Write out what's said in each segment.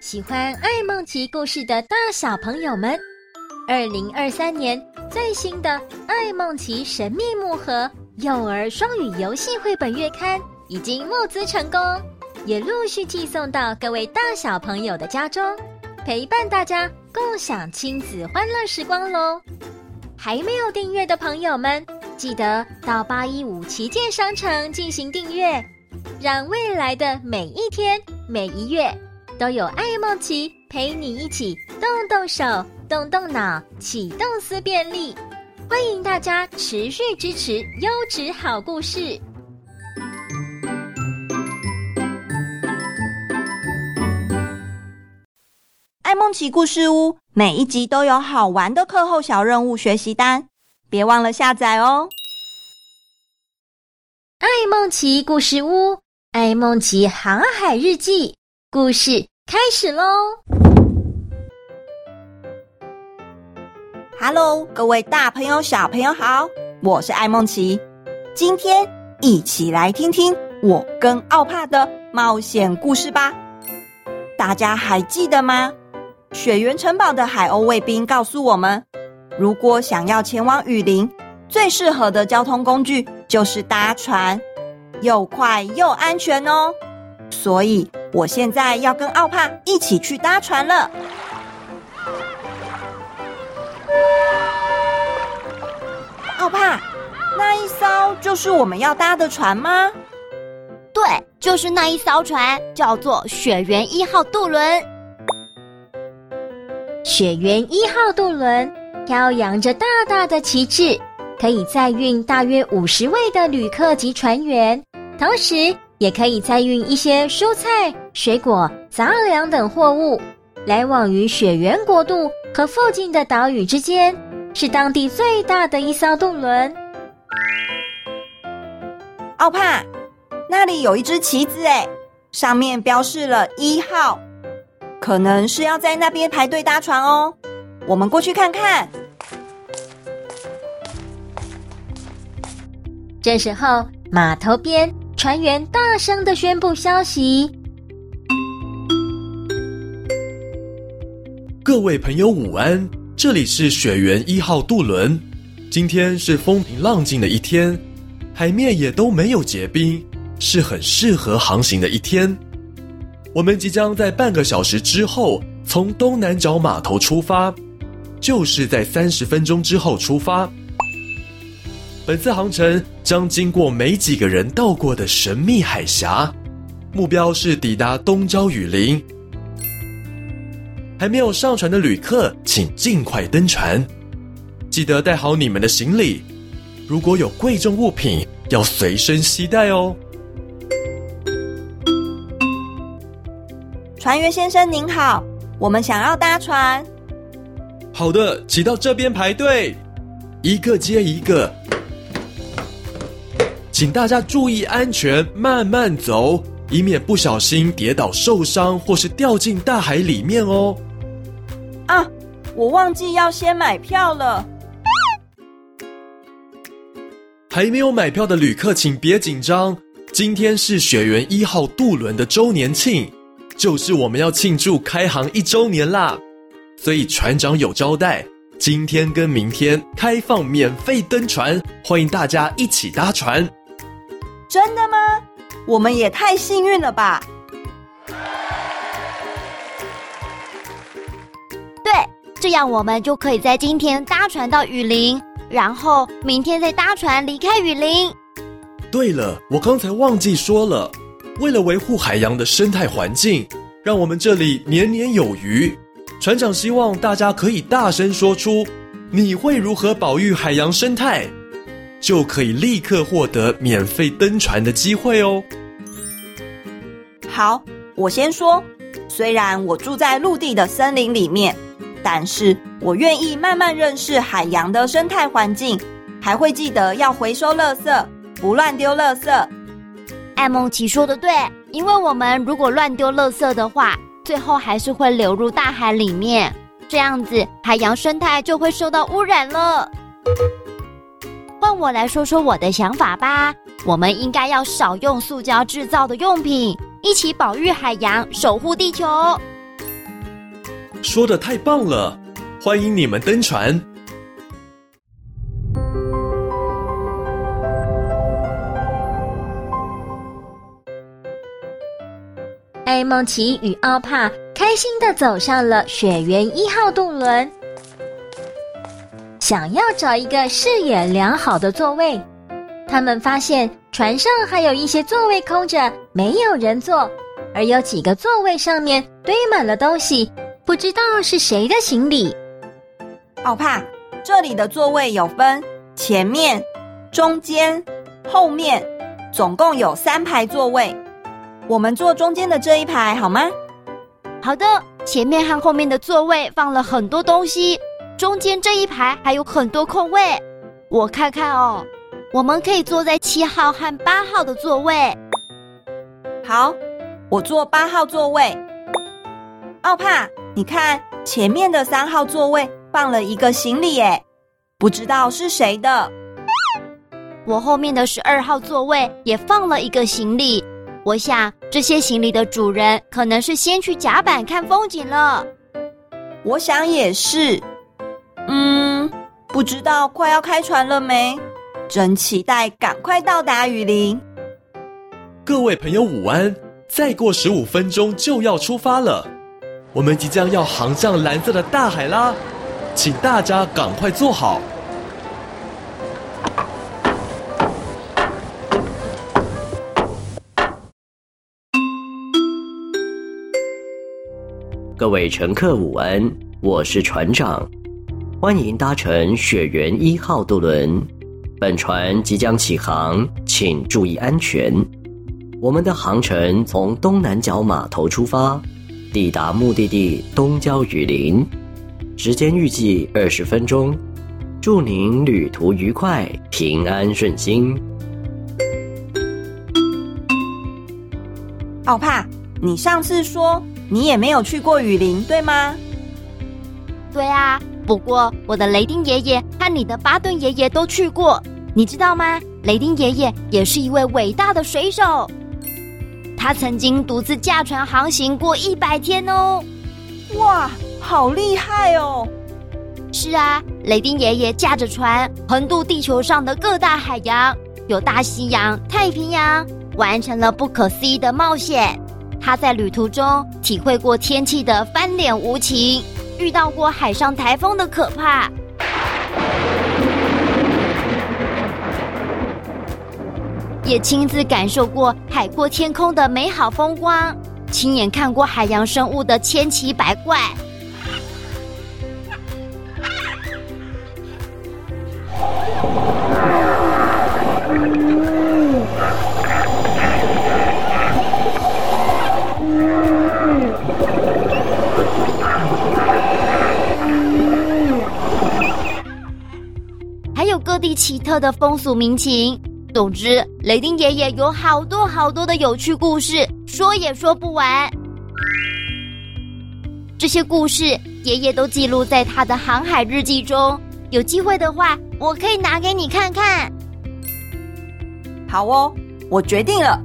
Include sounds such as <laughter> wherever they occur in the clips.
喜歡《愛孟奇故事》的大小朋友們，二零二三年最新的《愛孟奇神秘木盒》幼兒雙語遊戲繪本月刊已經募資成功，也陸續寄送到各位大小朋友的家中，陪伴大家共享親子歡樂時光嘍！還沒有訂閱的朋友們，記得到八一五旗艦商城進行訂閱，讓未來的每一天、每一月。都有愛孟奇陪你一起動動手、動動腦，啟動思辨力，歡迎大家持續支持優質好故事。愛孟奇故事屋，每一集都有好玩的課後小任務學習單，別忘了下載哦。愛孟奇故事屋，愛孟奇航海日記。故事開始嘍！Hello，各位大朋友、小朋友好，我是愛孟奇。今天一起來聽聽我跟奧帕的冒險故事吧。大家還記得嗎？雪原城堡的海鷗衛兵告訴我們，如果想要前往雨林，最適合的交通工具就是搭船，又快又安全哦。所以，我現在要跟奧帕一起去搭船了。奧帕，那一艘就是我們要搭的船嗎？對，就是那一艘船，叫做雪原一號渡輪。雪原一號渡輪飄揚着大大的旗幟，可以載運大約五十位的旅客及船員，同時。也可以載運一些蔬菜、水果、雜糧等貨物，來往於雪原國度和附近的島嶼之間，是當地最大的一艘渡輪。奧帕，那裡有一隻旗子誒，上面標示了一號，可能是要在那邊排隊搭船哦、喔。我們過去看看。這時候碼頭邊。船員大聲地宣布消息：“各位朋友午安，這裡是雪原一號渡輪。今天是風平浪靜的一天，海面也都沒有結冰，是很適合航行的一天。我們即將在半個小時之後從東南角碼頭出發，就是在三十分鐘之後出發。”本次航程將經過沒幾個人到過的神秘海峽，目標是抵達東朝雨林。還沒有上船的旅客，請盡快登船，記得帶好你們的行李。如果有貴重物品，要隨身攜帶哦。船員先生您好，我們想要搭船。好的，請到這邊排隊，一個接一個。請大家注意安全，慢慢走，以免不小心跌倒受傷或是掉進大海裡面哦。啊，我忘記要先買票了。還沒有買票的旅客，請別緊張。今天是雪原一號渡輪的周年慶，就是我們要慶祝開航一周年啦。所以船長有招待，今天跟明天開放免費登船，歡迎大家一起搭船。真的嗎？我們也太幸運了吧！對，這樣我們就可以在今天搭船到雨林，然後明天再搭船離開雨林。對了，我剛才忘記說了，為了維護海洋的生態環境，讓我們這裡年年有餘，船長希望大家可以大聲說出，你會如何保育海洋生態？就可以立刻獲得免費登船的機會哦。好，我先說。雖然我住在陸地的森林裡面，但是我願意慢慢認識海洋的生態環境，還會記得要回收垃圾，不亂丟垃圾。愛孟奇說得對，因為我們如果亂丟垃圾的話，最後還是會流入大海裡面，這樣子海洋生態就會受到污染了。換我來說說我的想法吧。我們應該要少用塑膠製造的用品，一起保育海洋，守護地球。說得太棒了！歡迎你們登船。愛孟奇與奧帕開心的走上了雪原一號渡輪。想要找一個視野良好的座位，他們發現船上還有一些座位空着，沒有人坐，而有幾個座位上面堆滿了東西，不知道是誰的行李。奧帕，這裡的座位有分前面、中間、後面，總共有三排座位。我們坐中間的這一排好嗎？好的，前面和後面的座位放了很多東西。中間這一排還有很多空位，我看看哦。我們可以坐在七號、和八號的座位。好，我坐八號座位。奧帕，你看前面的三號座位放了一個行李耶，不知道是誰的。我後面的十二號座位也放了一個行李，我想這些行李的主人可能是先去甲板看風景了。我想也是。不知道快要開船了沒？真期待趕快到達雨林。各位朋友午安，再過十五分鐘就要出發了，我們即將要航向藍色的大海啦，請大家趕快坐好。各位乘客午安，我是船長。歡迎搭乘雪原一號渡輪，本船即將起航，請注意安全。我們的航程從東南角碼頭出發，抵達目的地東郊雨林，時間預計二十分鐘。祝您旅途愉快，平安順心。奧帕，你上次說你也沒有去過雨林，對嗎？對啊。不過，我的雷丁爺爺和你的巴頓爺爺都去過，你知道嗎？雷丁爺爺也是一位偉大的水手，他曾經獨自駕船航行過一百天哦！哇，好厲害哦！是啊，雷丁爺爺駕着船橫渡地球上的各大海洋，有大西洋、太平洋，完成了不可思議的冒險。他在旅途中體會過天氣的翻臉無情。遇到過海上颱風的可怕，也親自感受過海闊天空的美好風光，親眼看過海洋生物的千奇百怪。奇特的風俗民情。總之，雷丁爺爺有好多好多的有趣故事，說也說不完。這些故事爺爺都記錄在他的航海日記中。有機會的話，我可以拿給你看看。好哦，我決定了，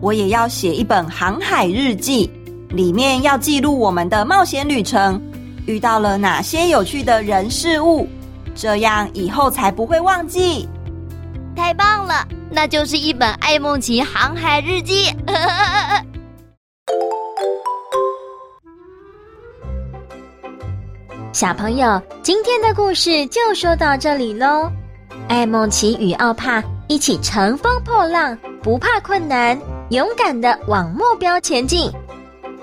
我也要寫一本航海日記，裡面要記錄我們的冒險旅程，遇到了哪些有趣的人事物。這樣以後才不會忘記，太棒了！那就是一本《愛孟奇航海日記》 <laughs> 小朋友，今天的故事就說到這裡嘍。愛孟奇與奧帕一起乘風破浪，不怕困難，勇敢的往目標前進。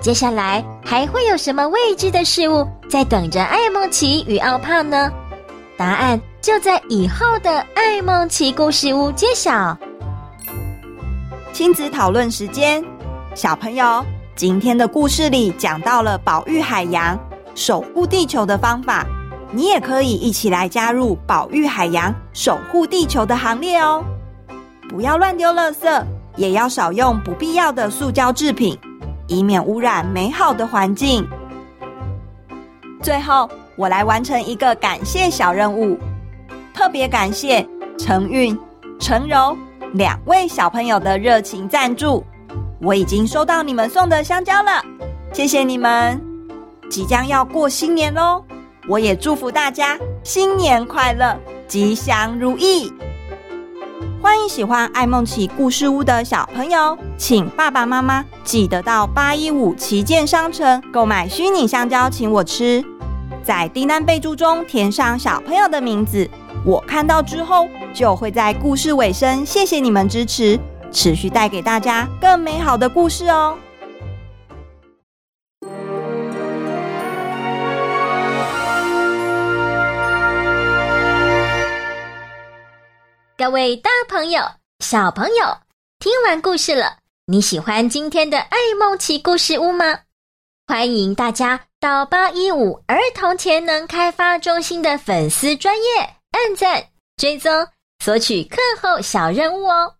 接下來還會有什麼未知的事物在等着愛孟奇與奧帕呢？答案就在以後的《愛孟奇故事屋》揭曉。親子討論時間，小朋友，今天的故事裡講到了保育海洋、守護地球的方法，你也可以一起來加入保育海洋、守護地球的行列哦！不要亂丟垃圾，也要少用不必要的塑膠製品，以免汙染美好的環境。最後，我來完成一個感謝小任務，特別感謝承韻、陳柔兩位小朋友的熱情贊助，我已經收到你們送的香蕉了，謝謝你們！即將要過新年嘍，我也祝福大家新年快樂，吉祥如意！歡迎喜歡愛孟奇故事屋的小朋友，請爸爸媽媽記得到八一五旗艦商城購買虛擬香蕉，請我吃。在訂單備註中填上小朋友的名字，我看到之後就會在故事尾聲謝謝你們支持，持續帶給大家更美好的故事哦。各位大朋友、小朋友，聽完故事了，你喜歡今天的愛夢奇故事屋嗎？歡迎大家，到八一五兒童潛能開發中心的粉絲專，專頁按贊、追蹤、索取課後小任務哦。